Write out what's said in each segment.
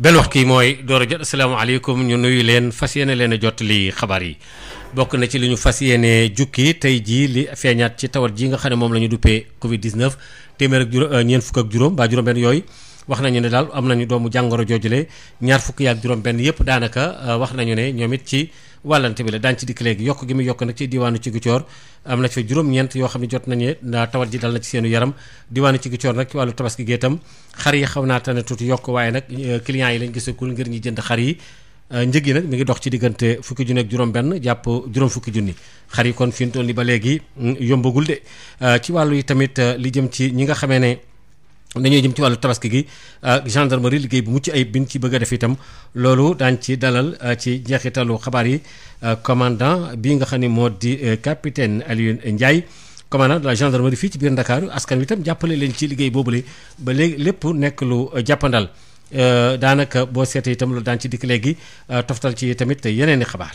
benn waxtu yi mooy door a jot asalaamaaleykum ñu nuyu leen fas yéene leen a jot li xabaar yi bokk na ci li ñu fas yéene jukki tey jii li feeñaat ci tawat ji nga xam ne moom la ñu duppee Covid 19 téeméer ak juróom ñeent fukk ak juróom baa juróom-benn yooyu. wax nañu ne daal am nañu doomu jàngoro joojule ñaar fukki ak juróom-benn yëpp daanaka wax nañu ne ñoom it ci. wàllante bi la daañu ci dikk léegi yokk gi mu yokk nag ci diwaanu Ziguinchor am na fa juróom-ñeent yoo xam ne jot nañu ne tawat ji dal na ci seenu yaram diwaanu Ziguinchor nag ci wàllu tabaski gi xar yi xaw naa tane tuuti yokk waaye nag euh, clients yi lañ gisagul ngir ñi jënd xar yi euh, njëg yi nag mi ngi dox ci diggante fukki junni ak juróom benn jàpp juróom fukki junni xar yi kon fi ñu toll ni ba léegi mm, yombagul de euh, ci wàllu yi tamit li jëm ci ñi nga xamee ne dañuy jëm ci wàllu tabaski gi ah, gendarmerie liggéey bu mucc ayib bi ñu ci bëgg a def itam loolu daañ ci dalal ah, ci jeexitalu xabaar yi ah, commandant bi nga xam ne moo di eh, capitaine Alioune Ndiaye commandant de la gendarmerie fii ci biir Ndakaaru askan wi itam jàppale leen ci liggéey boobule ba léegi lépp nekk lu jàppandal eh, daanaka boo seetee itam loolu daan ci dikk léegi toftal ci tamit yeneen i xabaar.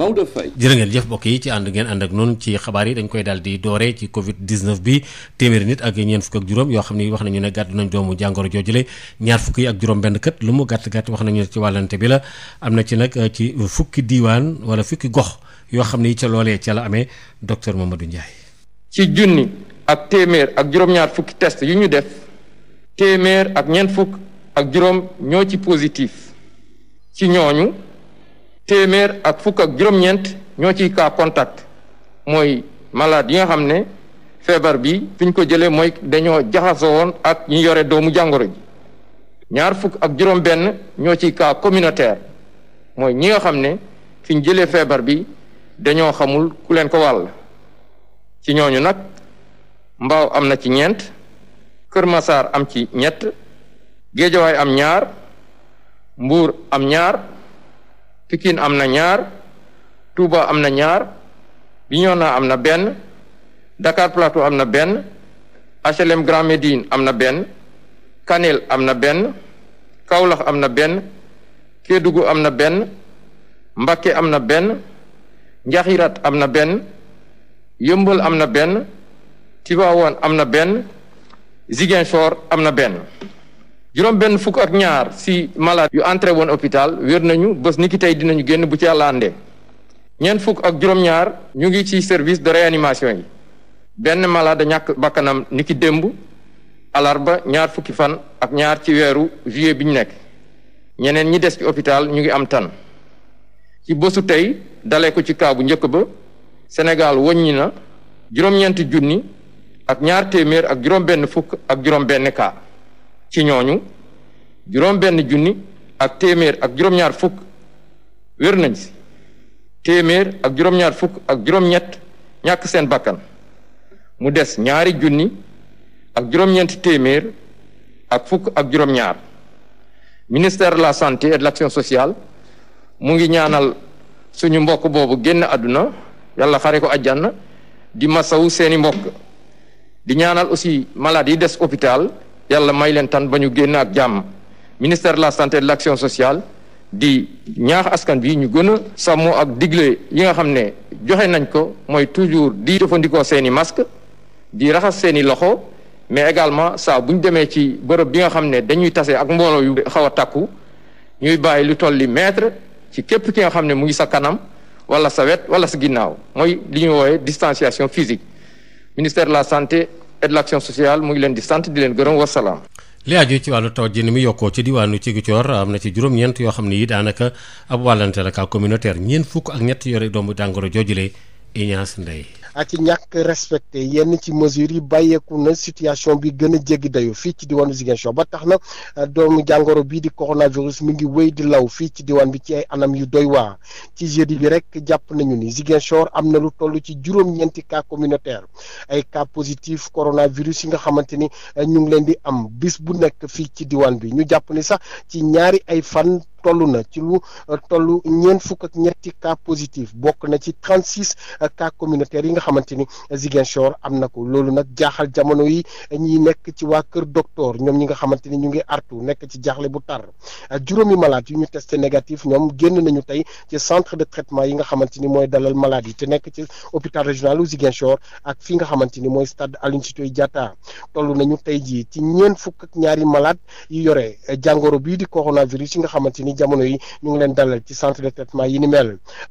Maodo Faye jërë jëf bokk yi ci ànd ngeen ànd ak noonu ci xabaar yi dañ koy daal di doore ci covid 19 bi téeméeri nit ak ñeen fukk ak juróom yoo xam ne wax nañu ne gàddu nañ doomu jàngoro joojule ñaar fukki ak juróom benn kët lu mu gàtt-gàtt wax nañu ci wàllante bi la am na ci nag euh, ci fukki diiwaan wala fukki gox yoo xam ne yi ca loolee ca la amee docteur du Ndiaye ci junni ak téeméer ak juróom-ñaar fukki test yu ñu def téeméer ak ñeent fukk ak juróom ñoo ci positif ci ñooñu téeméer ak fukk ak juróom-ñeent ñoo ciy cas contact mooy malade yi nga xam ne feebar bi fiñ ko jëlee mooy dañoo jaxasoo woon ak ñu yore doomu jàngoro ji ñaar fukk ak juróom-benn ñoo ci ka communautaire mooy ñi nga xam ne fiñ ñu jëlee feebar bi dañoo xamul ku leen ko wàll ci ñooñu nag mbaaw am na ci ñeent Kër Masaar am ci ñett Géejawaay am ñaar Mbuur am ñaar. Pikine am na ñaar Touba am na ñaar Bignona am na benn Dakar Plateau am na benn HLM Grand Médine am na benn Kanel am na benn Kaolack am na benn Kédougou am na benn Mbacké am na benn Njaxirat am na benn Yëmbal am na benn Tivaouane am na benn Ziguinchor am na benn juróom benn fukk ak ñaar si malade yu entré woon hôpital wér nañu bés ni ki tey dinañu génn bu ci yàlla ñeent fukk ak juróom-ñaar ñu ngi ci service de réanimation yi benn malade ñàkk bakkanam ni ki démb alarba ñaar fukki fan ak ñaar ci weeru juillet bi ñu nekk ñeneen ñi des ci hôpital ñu ngi am tan ci bësu tey dalee ko ci kaa bu njëkk ba Sénégal wàññi na juróom-ñeenti junni ak ñaar téeméer ak juróom benn fukk ak juróom benn kaa ci ñooñu juróom-benn junni ak téeméer ak juróom-ñaar fukk wér nañ téeméer ak juróom ak juróom-ñett ñàkk seen bakkan mu des ñaari junni ak juróom-ñeent téeméer ak fukk ak juróom-ñaar ministère de la santé et l'action sociale mu ngi ñaanal suñu mbokk boobu génn àdduna yàlla xare ko àjjana di masawu seeni mbokk di ñaanal aussi malade des hôpital yàlla may leen tan ba ñu génn ak jàmm ministère de la santé et de l'action sociale di ñaax askan bi ñu gën a sàmmoo ak digle yi nga xam ne joxe nañ ko mooy toujours di jëfandikoo seeni i masque di raxas seen i loxo mais également saa bu ñu demee ci bërëb bi nga xam ne dañuy tase ak mbooloo yu xaw a takku ñuy bàyyi lu toll li mètre ci képp ki nga xam ne mu ngi sa kanam wala sa wet wala sa ginnaaw mooy li ñuy woowee distanciation physique ministère la santé et de l'action sociale mu ngi leen di sant di leen gërëm wasalaam. li aju ci wàllu taw ji ni mu yokkoo ci diwaanu Ziguinchor am na ci juróom-ñeent yoo xam ne yi daanaka ab wàllante la ka ñeent fukk ak ñett yore doomu jàngoro joojule Ignace Ndeye. ak ñàkk respecté yenn ci mesures yi bàyyeeku na situation bi gën a jéggi dayo fii ci diwaanu Ziguinchor ba tax na euh, doomu jàngoro bii di coronavirus mi ngi wéy di law fii ci diwaan bi ci ay anam yu doy waa ci jeudi bi rek jàpp nañu ni Ziguinchor am na lu toll ci juróom-ñeenti cas communautaire ay cas positif coronavirus yi nga xamante ni euh, ñu ngi leen di am bis bu nekk fii ci diwaan bi ñu jàpp ni sax ci ñaari ay fan toll na ci lu euh, toll ñeent fukk ak ñetti cas positif bokk na ci trente six euh, cas communautaires yi nga xamante ni Ziguinchor am na ko loolu nag jaaxal jamono yi ñi nekk ci waa kër docteur ñoom ñi nga xamante ni ñu ngi artu nekk ci jaaxle bu tar euh, juróomi malaat yu ñu testé négatif ñoom génn nañu tey ci centre de traitement yi nga xamante ni mooy dalal malaat yi te nekk ci hôpital régional u Ziguinchor ak fi nga xamante ni mooy stade Aline Sitoé jaata toll nañu tey jii ci ñeent fukk ak ñaari malade yore jàngoro bii di coronavirus yi nga xamante ni jamono yi ñu ngi leen dalal ci centre de traitement yi ni mel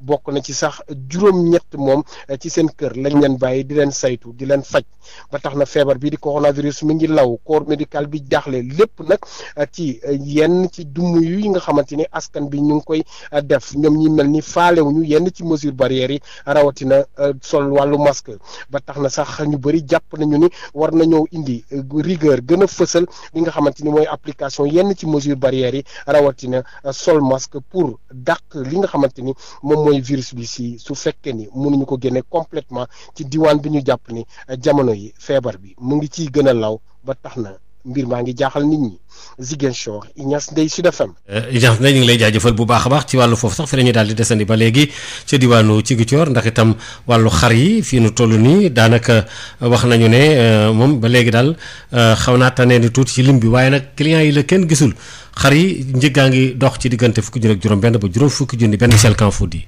bokk na ci sax juróom-ñett moom eh, ci seen kër lañ leen bàyyi di leen saytu di leen faj ba tax na feebar bii di coronavirus mi ngi law corps médical bi jaaxle lépp nag eh, ci eh, yenn ci dumm yi nga xamante ni askan bi ñu ngi koy eh, def ñoom ñi mel ni faalewuñu yenn ci mesure barrières yi rawatina sol wàllu masque ba tax na sax ñu bëri jàpp nañu ni war nañoo indi rigueur gën a fësal li nga xamante ni mooy application yenn ci mesure barrières yi rawatina sol masque pour dàq li nga xamante ni moom mooy virus bi su fekkee ni mënuñu ko génne completement ci diwaan bi ñu jàpp ni jamono yi mooy feebar bi mu ngi ciy gën a law ba tax na mbir maa ngi jaaxal nit ñi Ziguinchor Ignace Ndeye Sud FM. Eh, Ignace Ndeye ñu ngi lay jaajëfal bu baax a baax ci wàllu foofu sax fi la ñuy daal di desandi ba léegi ca diwaanu Ziguinchor ndax itam wàllu xar yi fii nu toll nii daanaka wax nañu ne eh, moom ba léegi daal eh, xaw naa tane ni tuuti ci lim bi waaye nag clients yi la kenn gisul xar yi njëggaa ngi dox ci diggante fukki junni ak juróom-benn ba juróom fukki junni benn sel kan fuut yi.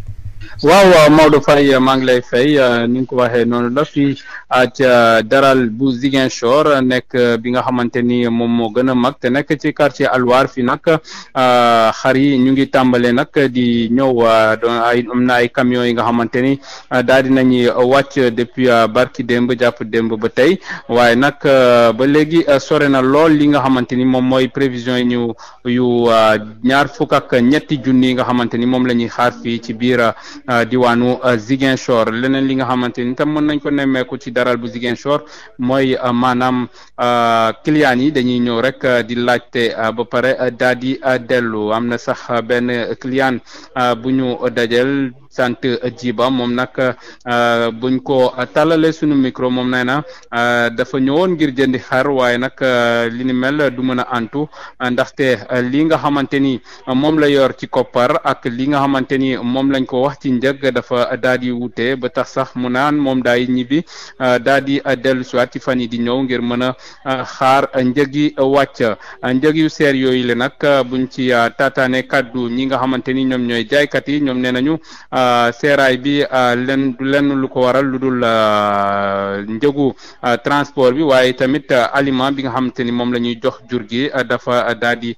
waaw waaw Maodo Faye maa ngi lay fay euh, ni nga ko waxee noonu la fii ca euh, daral bu Ziguinchor nekk euh, bi nga xamante ni moom moo gën a mag te nekk ci quartier Alwar fi nag xar yi ñu ngi tàmbale nag di ñëw doon ay am na ay camions yi nga xamante ni daal di nañuy wàcc depuis barki demb jàpp demb ba tey waaye nag ba léegi sore na lool li nga xamante ni moom mooy prévision yi ñu yu ñaar fu ak ñetti junni yi nga xamante ni moom la ñuy xaar ci biir. Euh, diwaanu euh, Ziguinchor leneen li nga xamante ni tam mën nañ ko nemmeeku ci daral bu Ziguinchor mooy euh, maanaam kiliyaan yi dañuy ñëw rek di laajte ba pare daal di dellu am na sax benn client bu ñu dajel sant Djiba moom nag euh, buñ ko tàllalee sunu micro moom nee na euh, dafa ñëwoon ngir jëndi xar waaye nag euh, li ni mel du mën a antu ndaxte li nga xamante ni moom la yor ci kopar ak li nga xamante ni moom lañ ko wax ci njëg dafa daal di wute ba tax sax mu naan moom daay ñibbi daal di dellu siwaat ci fan yi di ñëw ngir mën a xaar njëg yi wàcc njëg yu seer yooyu le nag buñ ci taataane kaddu ñi nga xamante ni ñoom ñooy jaaykat yi ñoom nee Euh, seeraay bi euh, lenn lenn lu ko waral lu dul euh, njëgu transport bi waaye tamit aliment bi nga xamante ni moom la ñuy jox jur gi dafa daal di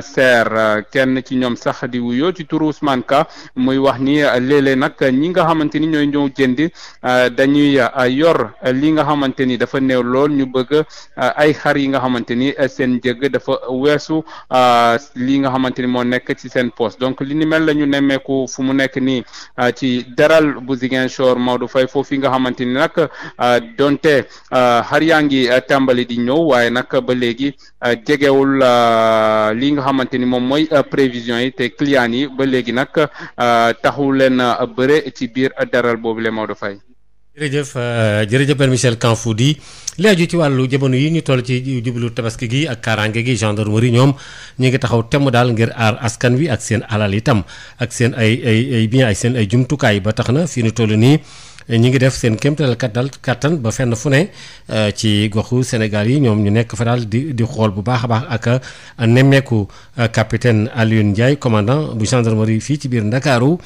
seer kenn ci ñoom sax di wuyoo ci turu Ka muy wax ni léeg-léeg nag ñi nga xamante ni ñooy ñëw jëndi dañuy yor li nga xamante ni dafa néew lool ñu bëgg ay xar yi nga xamante ni seen njëg dafa weesu li nga xamante ni moo nekk ci seen poste donc li ni mel la fu mu nekk nii Ah, ci daral bu Ziguinchor Maodo Faye foofu nga xamante ni nag ah, donte ah, xar yaa ngi tàmbali di ñëw waaye nag ba léegi jegewul li nga xamante ni moom mooy prévision yi te clients yi ba léegi nag taxu leen bëre ci biir daral boobu le Maodo fay jërëjëf euh, jërëjëf Père Michel Kanfoudi di aju ci wàllu jamono yi ñu toll ci jublu tabaski gii ak kaaraange gi gendarmerie ñoom ñu ngi taxaw temm daal ngir aar askan wi ak seen alal itam ak seen ay ay ay bien ay seen ay jumtukaay ba tax na fii ñu toll nii ñi ngi def seen kéemtal kattan kattan ba fenn fu ne euh, ci goxu Sénégal yi ñoom ñu nekk fa daal di di xool bu baax a baax ak nemmeeku euh, capitaine Alioune Ndiaye commandant bu gendarmerie fii ci biir Ndakaaru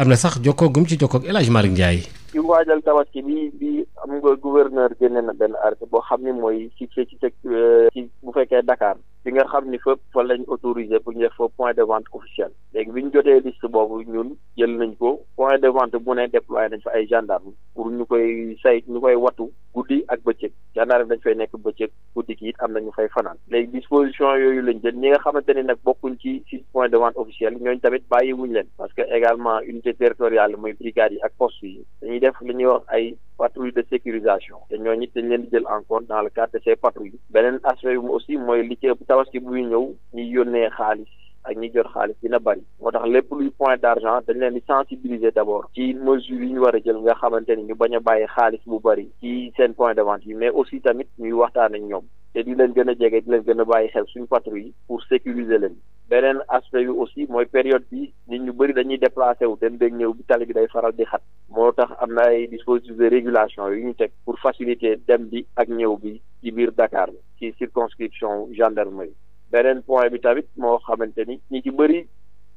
am na sax jokkoo gum ci jokkoo ak El Hadj Malick Ndiaye. ci waajal tabaski bi bi am nga gouverneur génne na benn arrêté boo xam ni mooy ci ci euh, ci bu fekkee Dakar. bi nga xam ni fépp fa lañ autorisé pour ñu def fa point de vente officiel léegi bi ñu jotee liste boobu ñun jël nañ ko point de vente bu ne déployé nañ fa ay gendarme pour ñu koy say ñu koy wattu guddi ak bëccëg gànnaar bi dañ fay nekk bëccëg guddi gi it am na ñu fay fanaan léegi disposition yooyu lañ jël ñi nga xamante ne nag bokkuñ ci six points de vente officiel ñooñu tamit bàyyiwuñ leen parce que également unité territoriale muy brigades yi ak poste yi dañuy def li ñuy wax ay patrouille de sécurisation te ñooñu it dañ leen jël en compte dans le cadre de ces patrouilles beneen aspect bi aussi mooy li tabaski buy ñëw ñuy yónnee xaalis ak ñi jot xaalis dina bari moo tax lépp luy point d'argent dañu leen di sensibiliser d'abord ci mesure yi ñu war a jël nga xamante ni ñu bañ a bàyyi xaalis bu bari ci seen point de vente yi mais aussi tamit ñuy waxtaan ak ñoom te di leen gën a jege di leen gën a bàyyi xel suñu patrouille pour sécuriser leen beneen aspect bi aussi mooy période bi nit ñu bëri dañuy déplacé wu dem de ñëw bi tali bi day faral di xat moo tax am na ay dispositifs de régulation yu ñu teg pour faciliter dem bi ak ñëw bi ci biir Dakar ci circonscription gendarmerie beneen point bi tamit moo xamante ni ñi ci bëri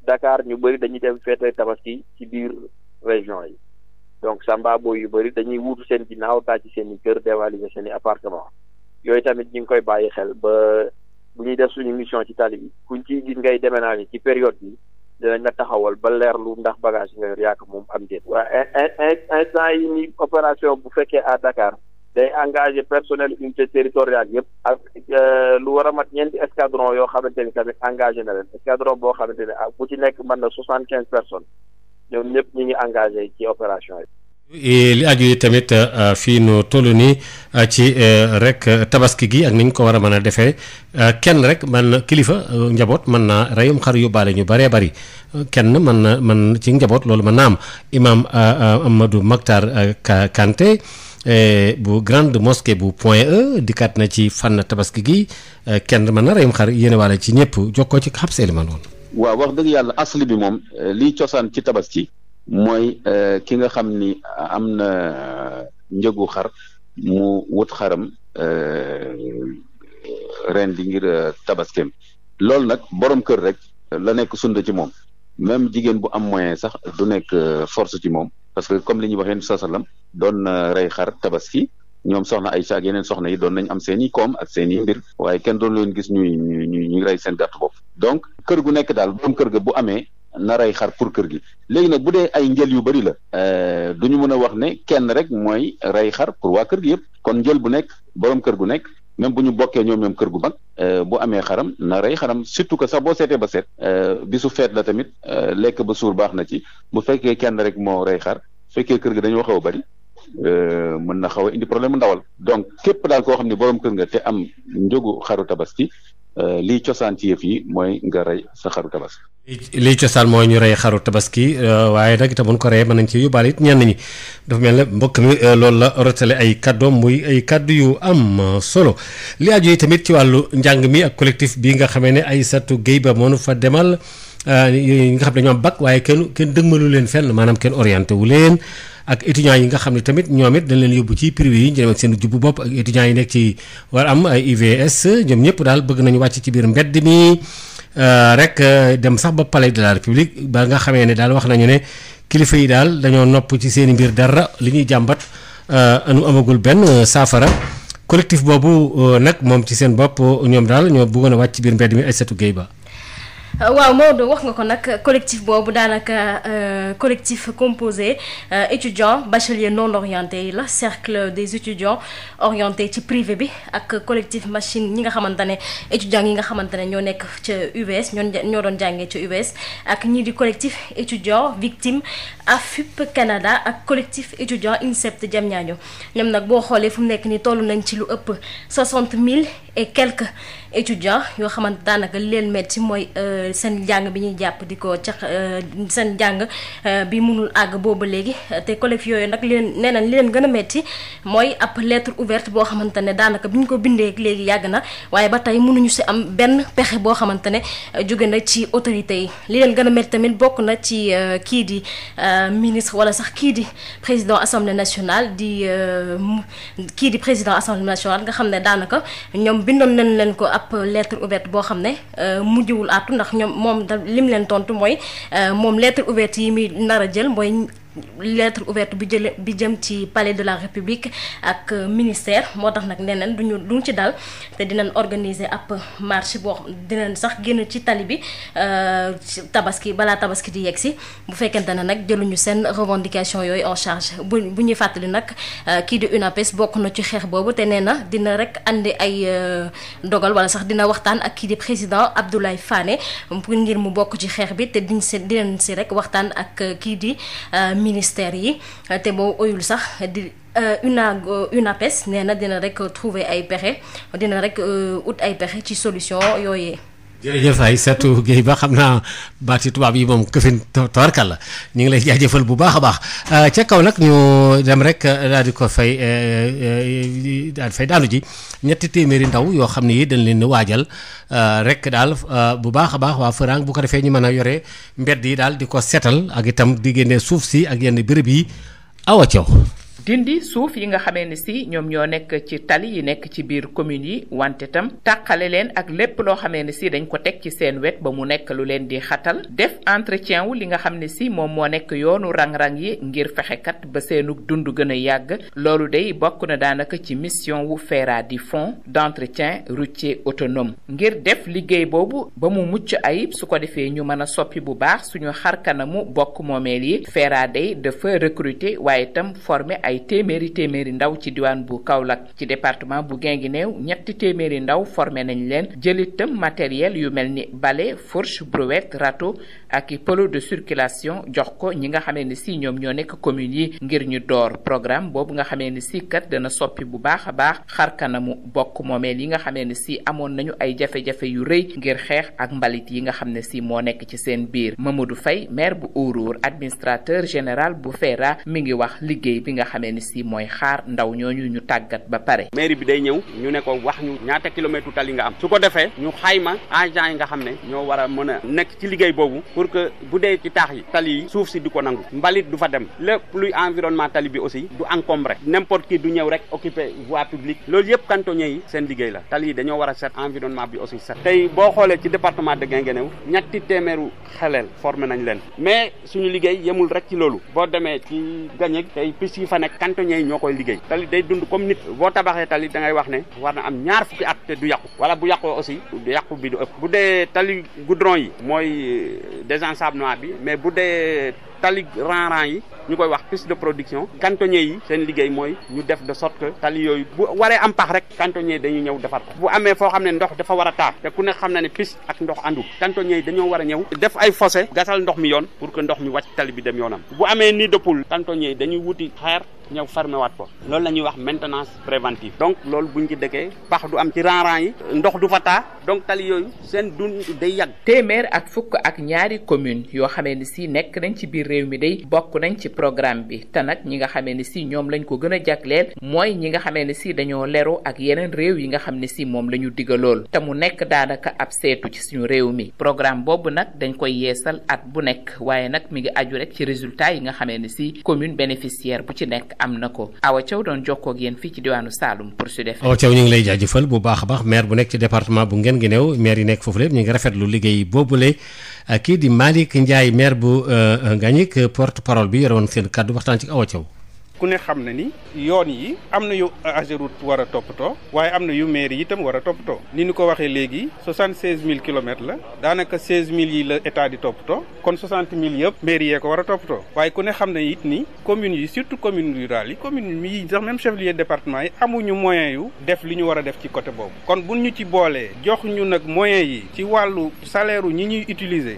Dakar ñu bëri dañuy dem feete ki ci biir région yi donc samba booy yu bëri dañuy wuutu seen ginnaaw taa ci seeni i kër dévaliser seen i appartement yooyu tamit ñu ngi koy bàyyi xel ba bu ñuy def suñu mission ci tali bi kuñ ciy gis ngay déménager ci période bi dinañ la taxawal ba leer lu ndax bagage si yor yàq moom am déet. waa instant yi ni opération bu fekkee à Dakar. day engage personnel unité territoriale yëpp ak euh, lu war a mat ñeenti escadron yoo xamante ni tamit engagé na leen escadron boo xamante ne ak ah, bu ci nekk mën na soixante quinze personnes ñoom ñëpp ñu ngi engagé ci opération yi. li aju tamit euh, fii nu toll nii euh, ci rek tabaski gi ak ni ñu ko war a mën a defee kenn rek mën na kilifa njaboot mën naa reyum xar yóbbaale ñu baree bari kenn mën na mën ci njaboot loolu mën naa am imaam Amadou Makhtar Kanté. Eh, bu grande mosquée bu Point E dikkaat na ci fànn tabaski gi eh, kenn mën na reyum xar yéene waale ci ñëpp jokkoo ci xab seeli man woon waaw wax dëgg yàlla asli bi moom eh, liy cosaan ci tabaski mooy ki nga xam ni am na njëgu xar mu wut xaram ren di ngir tabaskeem loolu nag borom kër rek la nekk sunda ci moom même jigéen bu am moyen sax du nekk force ci moom parce que comme li ñuy waxee sa sallam doon na rey xar tabaski ñoom soxna ay ak yeneen soxna yi doon nañ am seeni i koom ak seen i mbir waaye kenn doon leen gis ñuy ñuy ñuy ñuy rey seen gàtt bopp donc kër gu nekk daal boom kër ga bu amee na rey xar pour kër gi léegi nag bu dee ay njël yu bëri la euh, du ñu mën a wax ne kenn rek mooy rey xar pour waa kër gi yëpp kon njël bu nekk borom kër gu nekk même bu ñu bokkee ñoom ñoom kër gu mag euh, bu amee xaram na rey xaram surtout que sax boo seetee ba seet euh, bisu feet la tamit euh, lekk ba suur baax na ci bu fekkee kenn rek moo rey xar fekkee kër gi dañoo xaw a bari Euh, mën na xaw a indi problème ndawal donc képp daal koo xam ne boroom kër nga te am njëgu xaru tabaski euh, lii cosaan ci yëf yi mooy nga rey sa xaru lii cosaan ñu rey xaru tabaski euh, waaye nag itam bu ko reyee mën nañ ci yóbbaale it ñenn ñi dafa mel na mbokk mi loolu la rotale ay kàddoom muy ay kàddu yu am solo li aju yi tamit ci wàllu njàng mi ak collectif bi nga xamee ne Aïssatou Guèye Ba moo fa demal. ñi euh, nga xam ne dañoo am waaye kenn kenn dëgmalu leen fenn maanaam kenn orienté wu leen ak étudiants yi nga xam ne tamit ñoom it dañ leen yóbbu ci privé yi ñu dem ak seen jubbu bopp ak étudiants yi nekk ci war am ay IVS ñoom ñëpp daal bëgg nañu wàcc ci biir mbedd mi euh, rek euh, dem sax ba palais de la république ba nga xamee ne daal wax nañu ne kilifa yi daal dañoo nopp ci seen i mbir dara li ñuy jàmbat anu amagul benn saafara collectif boobu nag moom ci seen bopp ñoom daal ñoo bëggoon a biir mbedd mi Aïssatou Gueye Ba Euh, waaw Maodo wax nga ko nag collectif boobu daanaka euh, collectif composé euh, étudiants bacheliers non orientés yi la cercle des étudiants orientés ci privé bi ak collectif machine ñi nga xamante ne étudiants yi nga xamante ne ñoo nekk ca UBS ñoo ñoo doon jàngee ca UBS ak ñii di collectif étudiant victime AFUP Canada ak collectif étudiant INSEPT Diamniadio ñoom nag boo xoolee fu mu nekk nii toll nañ ci lu ëpp soixante mille et quelques. étudiants yoo xamante daanaka leen metti mooy euh, seen jàng bi ñuy jàpp di ko cax euh, seen njàng euh, bi munul àgg boobu léegi te collecte yooyu nag leen nee nañ li leen gën a metti mooy ab lettre ouverte boo xamante ne daanaka bi ñu ko bindee léegi yàgg na waaye ba tey mënuñu si am benn pexe boo xamante ne jóge na ci autorité yi li leen gën a metti tamit bokk na ci kii di ministre wala sax kii di président assemblée nationale di kii di président assemblée nationale nga xam ne daanaka ab lettre ouverte boo xam ne euh, mujjewul àttu ndax ñoom moom lim leen tontu mooy euh, moom lettre ouverte yi muy nar a jël mooy lettre ouverte bi jële bi jëm ci palais de la république ak ministère moo tax nag neneen duñu duñ ci dal te dinañ organiser ab marche boo dinañ sax génn ci tali bi euh, tabaski balaa tabaski di yegg si bu fekkente ne nag jëluñu seen revendication yooyu en charge bu bu ñuy fàttali nag euh, kii di UNAPES bokk na ci xeex boobu te nee na dina rek andi ay euh, dogal wala sax dina waxtaan ak kii di président Abdoulaye Fane pour ngir mu bokk ci xeex bi te diñ si dinañ si rek waxtaan ak kii di ministère yi te boo oyul sax di euh, una euh, UNAPES nee na dina rek trouver ay pexe dina rek euh, ut ay pexe ci solution yooyee jërëjëf ay Seetu Géey ba xam naa baati tubaab yi moom këfin tawarkal la ñu ngi lay jaajëfal bu baax a baax euh, ca kaw nag ñu dem rek euh, daal di ko fay euh, daal fay daanu ji ñetti téeméeri ndaw yoo xam ne yi dañ leen waajal rek daal bu baax a baax waa Farang bu ko defee ñu mën a yore mbedd yi daal di ko seetal ak itam di génne suuf si ak yenn bërëb yi awa coow dindi suuf yi nga xamee ne si ñoom ñoo nekk ci tali yi nekk ci biir communes yi wante tam tàqale leen ak lépp loo xamee ne si dañ ko teg ci seen wet ba mu nekk lu leen di xatal def entretien wu li nga xam ne si moom moo nekk yoonu rang-rang yi ngir kat ba seenug dund gën a yàgg loolu day bokk na daanaka ci mission wu FERA di fonds d'entretien routier autonome ngir def liggéey boobu ba mu mucc ayib su ko defee ñu mën a soppi bu baax suñu xarkanamu bokk moomeel ay téeméeri téeméeri ndaw ci diwaan bu Kaolack ci département bu Guinguinéo ñetti téeméeri ndaw formé nañ leen jëlitam matériel yu mel ni bale fourche brouette râteau ak i polo de circulation jox ko ñi nga xamee ni si ñoom ñoo nekk communes yi ngir ñu door programme boobu nga xamee ni si kat dana soppi bu baax a baax xar kanamu bokk moomeel yi nga xamee ni si amoon nañu ay jafe-jafe yu rëy ngir xeex ak mbalit yi nga xam ne si moo nekk ci seen biir Mamadou Faye maire bu Ourour administrateur général bu FERA mi ngi wax liggéey bi nga xamee ni si mooy xaar ndaw ñooñu ñu tàggat ba pare. maire bi day ñëw ñu ne ko wax ñu ñaata kilomètre tali nga am su ko defee ñu xayma agent yi nga xam ne ñoo war a mën a nekk ci liggéey boobu pour que bu dee ci taax yi tali yi suuf si du ko nangu mbalit du fa dem lépp luy environnement tali bi aussi du encombré n'importe qui du ñëw rek occupé voie publique loolu yëpp cantonniers yi seen liggéey la tali yi dañoo war a set environnement bi aussi set tey boo xoolee ci département de Guinguinéo ñetti téeméeru xeleel formé nañ leen mais suñu liggéey yemul rek ci loolu boo demee ci gañeg tey piste yi fa nekk cantonniers yi ñoo koy liggéey tali day dund comme nit boo tabaxee tali da ngay wax ne war na am ñaar fukki at te du désensablement bi mais bu dee tali rang yi ñu koy wax piste de production cantonnier yi seen liggéey mooy ñu def de sorte que tali yooyu bu waree am pax rek cantonnier yi dañuy ñëw defar ko bu amee foo xam ne ndox dafa war a taar te ku ne xam na ne piste ak ndox andul cantonnier yi dañoo war a ñëw def ay fossé gasal ndox mi yoon pour que ndox mi wàcc tali bi dem yoonam bu amee nid de poule cantonnier yi dañuy wuti xeer ñëw fermé waat ko loolu la ñuy wax maintenance préventive donc loolu buñ ci dëkkee pax du am ci rang yi ndox du fa taa donc tali seen dund day yàgg téeméer ak fukk ak ñaari commune yoo xamee ni si nekk nañ ci biir réew mi day bokk nañ programme bi te nag ñi nga xamee ne si ñoom lañ ko gën a jagleel mooy ñi nga xamee ne si dañoo leru ak yeneen réew yi nga xam ne si moom la ñu digalool te mu nekk daanaka ab seetu ci suñu réew mi programme boobu nag dañ koy yeesal at bu nekk waaye nag mi ngi aju rek ci résultat yi nga xamee ne si commune bénéficiaire bu ci nekk am na ko Awa Thiaw doon jokkoo ak yéen fii ci diwaanu Saloum pour su def Awa Thiaw ñu ngi lay jaajëfal bu baax a baax maire bu nekk ci département bu ngeen doonoon seen kàddu waxtaan ci Awa Thiaw ku ne xam na ni yoon yi am na yu Ageroute war a too waaye am na yu mairie yi itam war a toppatoo ni ñu ko waxee léegi soixante-seize mille kilomètres la daanaka seize mille yi la état di toppatoo kon soixante mille yëpp mairie yee ko war a toppatoo waaye ku ne xam na it ni communes yi surtout communes rural yi communes yi sax même chef lieu département yi amuñu moyen yu def li ñu war a def ci côté boobu kon buñ ñu ci boolee jox ñu nag moyens y ci wàllu salaire ñi ñuy utiliser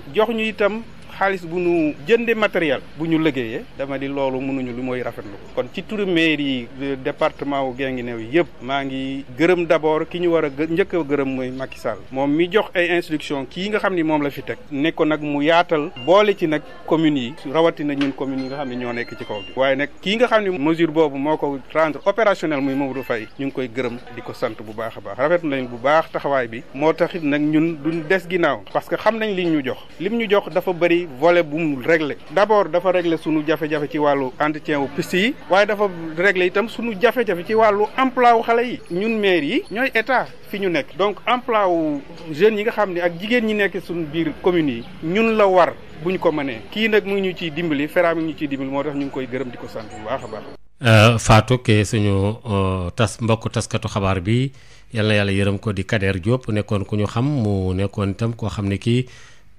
xaalis bu ñu jënde matériel bu ñu liggéeyee dama di loolu mënuñu lu mooy rafetlu ko kon ci turu mairie yi département wu new yëpp maa ngi gërëm d'abord ki ñu war a njëkk gërëm mooy Macky Sall moom mi jox ay instruction kii nga xam ni moom la fi teg ne nag mu yaatal boole ci nag communes yi rawatina ñun communes yi nga xam ne ñoo nekk ci kaw waaye nag kii nga xam ne mesure boobu moo ko rendre opérationnel muy Mamadou Faye ñu ngi koy gërëm di ko sant bu baax a baax rafetlu nañ bu baax taxawaay bi moo taxit nag ñun duñ des ginnaaw parce que xam nañ li ñu jox lim ñu jox dafa bëri bi volet bu mu réglé d' abord dafa réglé sunu jafe-jafe ci wàllu entretien wu piste yi waaye dafa réglé itam sunu jafe-jafe ci wàllu emploi wu xale yi ñun maire yi ñooy état fi ñu nekk donc emploi wu jeunes yi nga xam ne ak jigéen ñi nekk suñu biir commune yi ñun la war bu ñu ko mënee kii nag mu ngi ñu ciy dimbali Fera mi ngi ñu ciy dimbali moo tax ñu ngi koy gërëm di ko sant bu baax a baax. Euh, Fatou ke suñu euh, tas mbokk taskatu xabaar bi yal na yàlla yërëm ko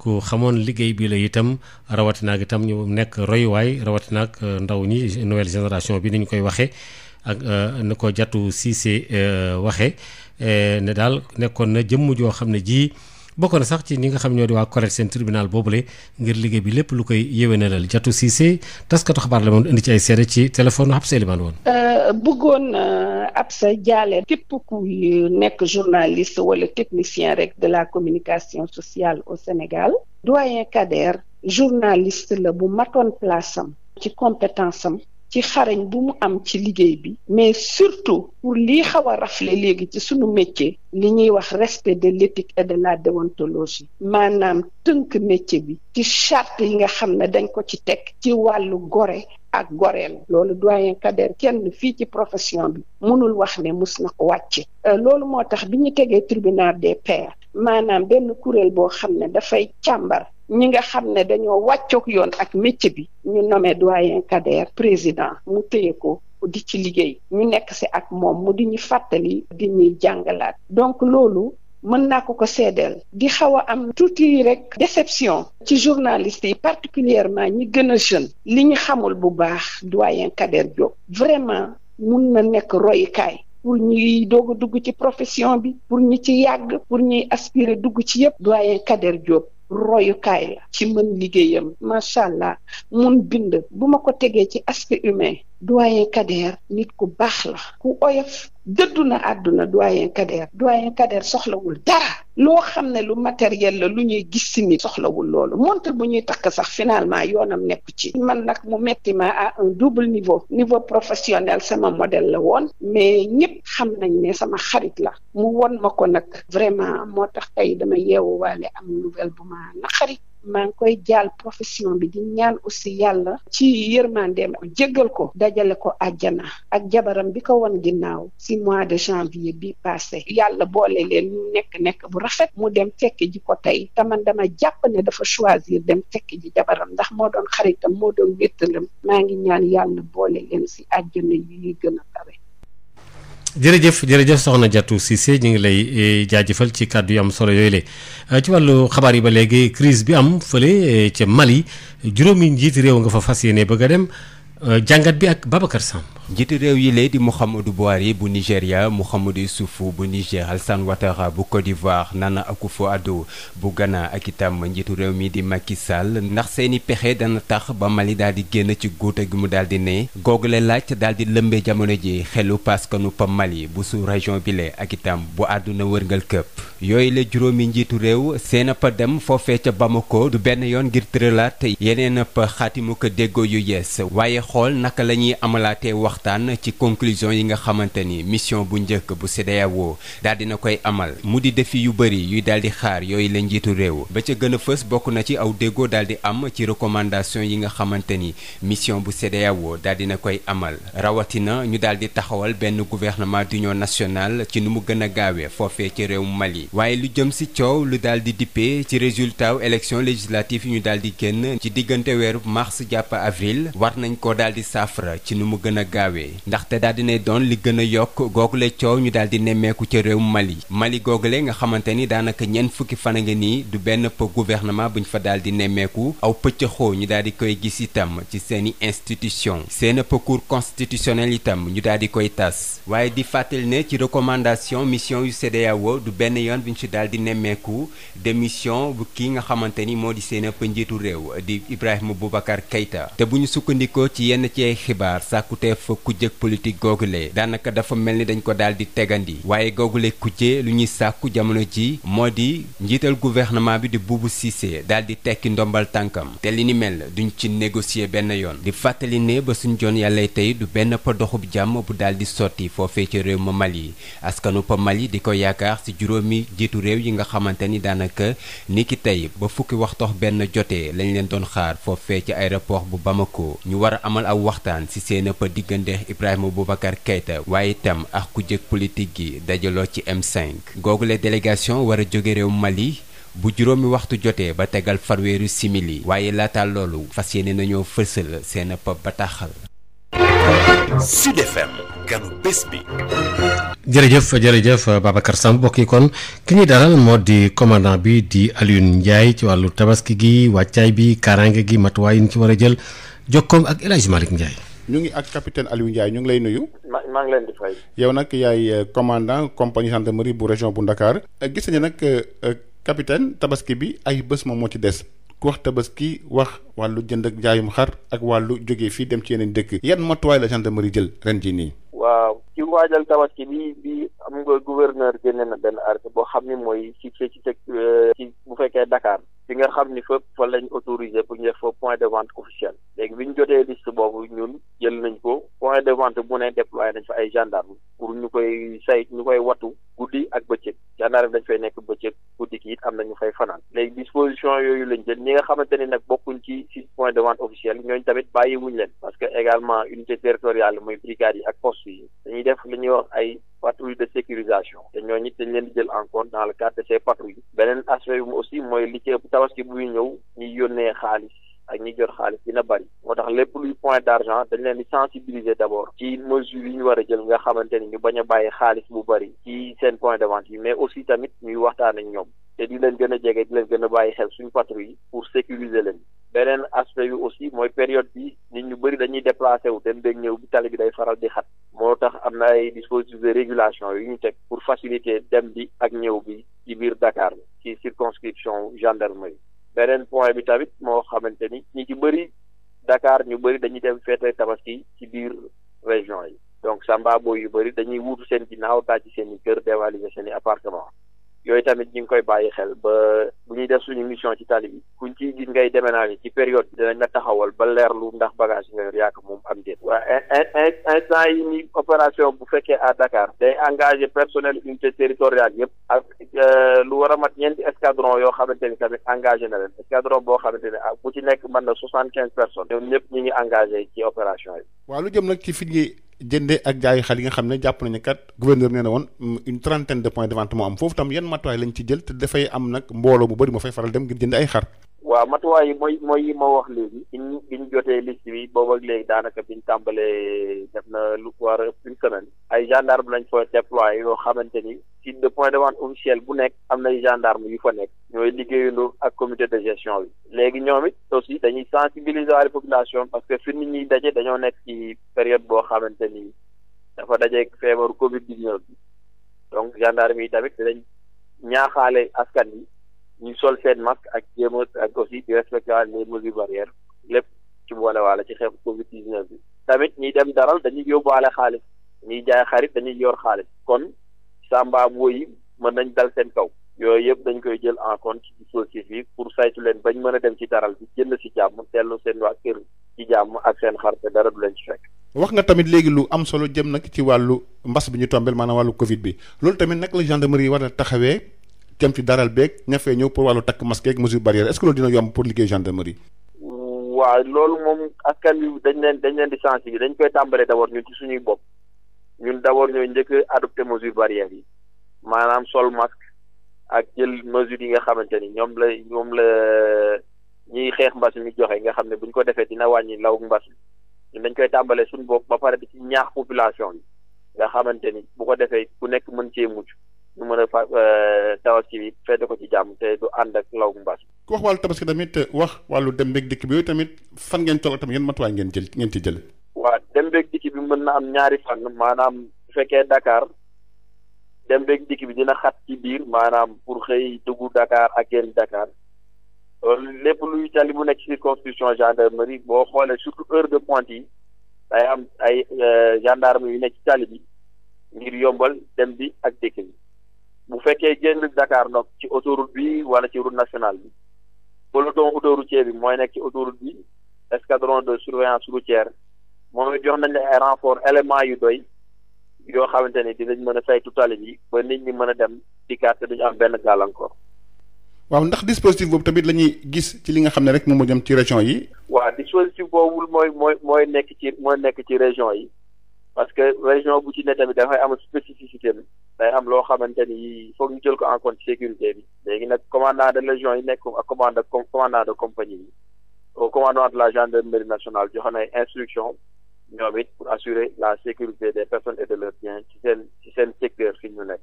ku xamoon liggéey bi la itam rawatina ak itam ñu nekk royuwaay rawatina ak euh, ndaw ñi nouvelle génération bi ni ñu koy waxee ak euh, ni ko jatu Cissé euh, waxee ne daal nekkoon na jëmm joo xam ne ji. bokk sax ci ñi nga xam ñoo di waa correct seen tribunal boobule ngir liggéey bi lépp lu koy yéwénalal Diatou Cissé taskatu xabaar la moom indi ci ay seede ci téléphone ab sa limaan woon. Euh, bëggoon euh, ab sa jaale képp kuy euh, nekk journaliste wala technicien rek de la communication sociale au Sénégal. doyen Kader journaliste la bu matoon place am ci compétence am ci xarañ bu mu am ci liggéey bi mais surtout pour lii xaw a rafle léegi ci suñu métier li ñuy wax respect de l'éthique et de la déontologie maanaam tënk métier bi ci charte yi nga xam ne dañ ko ci teg ci wàllu gore ak goreel loolu doyen Kader kenn fii ci profession bi mënul wax ne mus na ko wàcce euh, loolu moo tax bi ñu tegee tribunal des pairs maanaam benn kuréel boo xam ne dafay càmbar ñi nga xam ne dañoo wàccook yoon ak métier bi ñu nommé doyen Kader président mu téye ko di ci liggéey ñu nekk si ak moom mu di ñu fàttali di ñuy jàngalaat donc loolu mën naa ko ko seedeel di xaw a am tuuti rek déception ci journalistes yi particulièrement ñi gën a jeune li ñu xamul bu baax doyen Kader Diop vraiment mun na nekk royukaay pour ñuy doog dugg ci profession bi pour ñu ci yàgg pour ñuy aspirer dugg ci yëpp doyen Kader Diop royukaay la ci mën liggéeyam macha allah mun bind bu ma ko tegee ci aspect humain doyen Kader nit ku baax la ku oyof dëddu na àdduna doyen Kader doyen Kader soxlawul dara loo xam ne lu matériel la lu ñuy gis si nit soxlawul loolu montre bu ñuy takk sax finalement yoonam nekku ci man nag mu metti ma à un double niveau niveau professionnel sama modèle la woon mais ñëpp xam nañ ne sama xarit la mu won ma ko nag vraiment moo tax tey dama yeewuwaale am nouvelle bu ma naqari maa ngi koy jaal profession bi di ñaan aussi yàlla ci yërmandeem jéggal ko dajale ko àjjana ak jabaram bi ko won ginnaaw si mois de janvier bi passé yàlla boole leen ñu nekk-nekk bu rafet mu dem tekki ji ko tey te dama jàpp ne dafa choisir dem tekki ji jabaram ndax moo doon xaritam moo doon wéttalam maa ngi ñaan yàlla boole leen si àjjana yi gën a jërëjëf jërëjëf soxna Diatou Cissé ñu ngi lay eh, jaajëfal ci kàddu yu am solo yooyu la eh, ci wàllu xabaar yi ba léegi crise bi am fële eh, ca Mali juróomi njiit réew nga fa fas yéene bëgg a dem jàngat bi ak Babacar Samb njiitu réew yi lee di Mouhamadou Buhari bu nigeria Mouhamadou Issoufou bu Niger Alassane Ouattara bu Côte d'Ivoire Nana Akufo-Addo bu Ghana ak itam njiitu réew mi di Macky Sall ndax seeni pexe dana tax ba Mali daal di génn ci guuta gi mu daal di ne googule laaj daal di lëmbee jamono ji xelu paskanu pa Mali bu su région bi le ak itam bu àdduna wërngal këpp yooyu la juróomi njiitu réew seen pa dem foofee ca Bamako du benn yoon ngir tëralaat yeneen pa xaatimu ko déggoo yu yees waaye xool naka la ñuy amalaatee waxtu waxtaan ci conclusion yi nga xamante ni mission bu njëkk bu CEDEAO daal dina koy amal mu di defi yu bëri yuy daal di xaar yooyu la njiitu réew ba ca gën a fës bokk na ci aw déggoo daal di am ci recommandation yi nga xamante ni mission bu CEDEAO daal dina koy amal rawatina ñu daal di taxawal benn gouvernement d'union nationale ci nu mu gën a gaawee foofee ci réew Mali waaye lu jëm si coow lu daal di dippee ci résultat élection législative yi ñu daal di génn ci diggante weeru jàpp avril war nañ ko daal di saafara ci nu mu gën a gaawee ndaxte daal dinay doon li gën a yokk googule coow ñu daal di nemmeeku ca réew Mali Mali googule nga xamante ni daanaka ñeent fukki fan a ngi nii du benn pa gouvernement buñ fa daal di nemmeeku aw pëccëxoo ñu daal di koy gis itam ci seeni institution seen pa cour constitutionnel itam ñu daal di koy tas waaye di fàttali ne ci recommandation mission yu CEDEAO du benn yoon buñ si daal di nemmeeku démission bu kii nga xamante ni moo di seen pa njiitu réew di Ibrahima Boubacar Keïta te daanaka kujjeg politique googulee daanaka dafa mel ni dañ ko daal di tegandi waaye googule kujje lu ñuy sàkku jamono ji moo di njiital gouvernement bi di Boubou Cissé daal di tekki ndombal tànkam te li ni mel duñ ci négocier benn yoon di fàttali ne ba suñ joon yàllay tey du benn pa doxub jàmm bu daal di sotti foofee ci réew ma yi askanu mal Mali di ko yaakaar ci juróomi jiitu réew yi nga xamante ni daanaka ni ki tey ba fukki waxtoox benn jotee lañ leen doon xaar foofee ci bu Bamako ñu Ndeex Ibrahima Boubacar Keita waaye itam ak ku jëkk politique gi dajaloo ci M5 googule délégation war a jóge réew Mali bu juróomi waxtu jotee ba tegal farweeru simili waaye laata loolu fas yéene nañoo fësal seen pap bataaxal Sud FM ganu bés bi jërëjëf jërëjëf Babacar sam mbokk yi kon ki ñuy dalal moo di commandant bi di Alioune Ndiaye ci wàllu tabaski gi wàccaay bi kaaraange gi matuwaay yi ñu ci war a jël jokkoom ak El Hadj Malick ñu ngi ak capitaine Aliou ñu ngi lay nuyu. ma maa ngi leen di fay. yow nag yaay euh, commandant compagnie gendarmerie bu région bu Ndakaar euh, gis nañu nag euh, capitaine tabaski bi ay bés moom moo ci des ku wax tabaski wax wàllu jënd ak njaayum xar ak wàllu jóge fii dem ci yeneen dëkk yan matuwaay la gendarmerie jël ren jii nii. waaw ci waajal tabaski bi bi am nga gouverneur na benn arrêté boo xam ne mooy ci ci ci bu fekkee Dakar. fi nga xam ni fépp fa lañ autorisé pour ñu def fa point de vente officiel léegi bi ñu jotee liste boobu ñun jël nañ ko point de vente bu ne déployé nañ fa ay gendarme pour ñu koy say ñu koy wattu guddi ak bëccëg gànnaar bi dañ fay nekk bëccëg guddi gi it am na ñu fay fanaan léegi disposition yooyu lañ jël ñi nga xamante ni nag bokkuñ ci ci point de vente officiel ñooñu tamit bàyyiwuñ leen parce que également unité territoriale muy brigades yi ak postes yi dañuy def li ñuy wax ay patrouille de sécurisation te ñooñu it leen di jël en compte dans le cadre de ces patrouilles beneen aspect bi aussi mooy li ci ëpp tabaski buy ñëw ñuy yónnee xaalis ak ñi jot xaalis dina bari moo tax lépp luy point d'argent dañ leen di sensibiliser d'abord ci mesure yi ñu war a jël nga xamante ni ñu bañ a bàyyi xaalis bu bari ci seen point de vente yi mais aussi tamit ñuy waxtaan ak ñoom te di leen gën a jege di leen gën a bàyyi xel suñ patrouille yi pour sécuriser leen beneen aspect bi aussi mooy période bi nit ñu bëri dañuy déplacé wu dem de ñëw bi tali bi day faral di xat moo tax am na ay dispositifs de régulation yu ñu teg pour faciliter dem bi ak ñëw bi ci biir Dakar ci circonscription gendarmerie beneen point bi tamit moo xamante ni ñi ci bëri Dakar ñu bëri dañuy dem feete tabaski ci biir région yi donc samba yu bëri dañuy wuutu seen ginnaaw daaj ci seen i kër dévaliser seen i appartement yooyu tamit ñu ngi koy bàyyi xel ba bu ñuy def suñu mission ci tali bi kuñ ciy gis ngay déménager ci période bi dinañ la taxawal ba leer lu ndax bagage yi nga yor yàq moom am déet waa instant yi ni opération bu fekkee à Dakar day engagé personnel unité territoriale yëpp ak euh, lu war a mat ñeenti escadron yoo xamante ni tamit engagé na leen escadron boo xamante ne ah bu ci nekk mën na soixante quinze personnes ñoom ñëpp ñu ngi engagé ci opération yi. ci fi jënde ak jaay xel yi nga xam ne jàpp nañu kat gouverneur nee na woon mm, une trentaine de points de moo am foofu tam yan matuwaay lañ ci jël te dafay am nag mbooloo bu bëri moo fay faral dem ngir jënd ay xar waaw matuwaay yi mooy mooy yi moo wax léegi biñ biñ jotee liste bi boobu ak léegi daanaka biñ tàmbalee def na lu war une semaine ay gendarme lañ fa déployé yoo xamante ni site de point de vente officiel bu nekk am nay gendarme yu fa nekk ñooy liggéeyandoo ak comité de gestion bi léegi ñoom it aussi dañuy sensibiliser population parce que fi nit ñi daje dañoo nekk ci période boo xamante ni dafa dajeeg feebaru covid dix bi donc gendarme yi tamit dinañ ñaaxaale askan yi ñu sol seen masque ak jéem ak aussi di respecter les mesures barrières lépp ci boole waale ci xeex Covid 19 bi. tamit ñiy dem daral dañuy yóbbuwaale xaalis ñiy jaay xarit dañuy yor xaalis kon sàmba yi mën nañ dal seen kaw. yooyu yëpp dañ koy jël en compte ci dispositif bi pour saytu leen bañ mën a dem ci daral bi jënd si jàmm tellu seen waa kër ci jàmm ak seen xar te dara du leen ci fekk. wax nga tamit léegi lu am solo jëm nag ci wàllu mbas bi ñu tombeel maanaam wàllu Covid bi loolu tamit nag la gendarmerie war a taxawee. tem ci daral beeg ña fee ñëw pour wàllu takk masque ak mesure barrière est-ce que loolu dina yomb pour liggéey gendarmerie. waaw loolu moom askan bi dañ leen dañ leen di sensibiliser dañ koy tàmbalee d'abord ñun ci suñuy bopp ñun d'abord ñooy njëkk a adopté mesure barrière yi maanaam sol masque ak jël mesure yi nga xamante ni ñoom la ñoom la ñuy xeex mbas mi joxe nga xam ne buñ ko defee dina wàññi law mbas mi ñun dañ koy tàmbalee suñu bopp ba pare di ci ñaax population nga xamante ni bu ko defee ku nekk mën cee mucc. ñu mën a fa euh, tabaski bi fedd ko ci jàmm te du ànd ak law mbaas ku wax wàllu tabaski tamit wax wàllu dem beeg dikk bi yooyu tamit fan ngeen toll tamit yan matuwaay ngeen jël ngeen ci jël waaw dem beeg dikk bi mën na am ñaari fànn maanaam bu fekkee dakaar dem beeg dikk bi dina xat ci biir maanaam pour xëy dugg dakaar ak génn dakaar lépp luy tali bu nekk circonscription gendarmerie boo xoolee surtout heure de pointe yi day am ay euh, gendarme yu nekk ci tali bi ngir yombal dem bi ak dikk bu fekkee génn Dakar ndox ci autoroute bi wala ci route nationale bi peloton autoroutier bi mooy nekk ci autoroute bi escadron de surveillance routière moom it jox nañ la ay renfort élément yu doy yoo xamante ni dinañ mën a saytu tali bi ba nit ñi mën a dem di dikkaat te duñu am benn gàllankoor. waaw ndax dispositif boobu tamit la ñuy gis ci li nga xam ne rek moom moo ci région yi. waaw dispositif boobu mooy mooy mooy nekk ci mooy nekk ci région yi parce que région bu ci ne tamit dafay am spécificité bi day am loo xamante ni foog ñu jël ko en compte léegi nag commandant de légion yi nekk ak commande commandant de compagnie yi au commandement de la gendarmerie nationale joxe na ay instruction ñoom it pour assurer la sécurité des personnes et de leurs biens ci seen ci seen secteur fi ñu nekk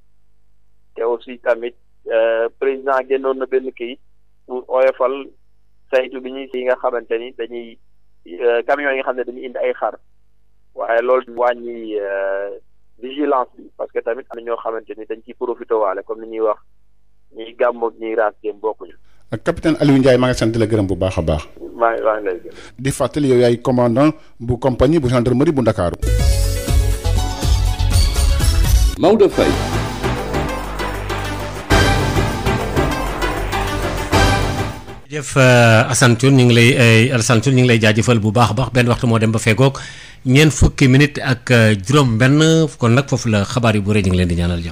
te aussi tamit euh, président génnoon na benn kayit pour oyofal saytu bi ñuy yi nga xamante ni dañuy euh, camions yi nga xam ne dañuy indi ay xar waaye loolu wàññi euh, vigilance bi parce que tamit am na ñoo xamante ni dañ ciy profité waale comme ni ñuy wax ñuy gàmmoog ñuy raas jéem bokkuñu. capitaine Aliou Ndiaye maa ngi sant la gërëm bu baax a baax. maa di fàttali yow yaay commandant bu compagnie bu gendarmerie bu Ndakaaru. Maodo Faye. jëf Assane ñu ngi lay Assane Thioune ñu ngi lay jaajëfal bu baax a baax benn waxtu moo dem ba fegoog ngeen fukki minit ak euh, juróom-benn kon nag foofu la xabaar yu bëree ñu leen di ñaanal jàmm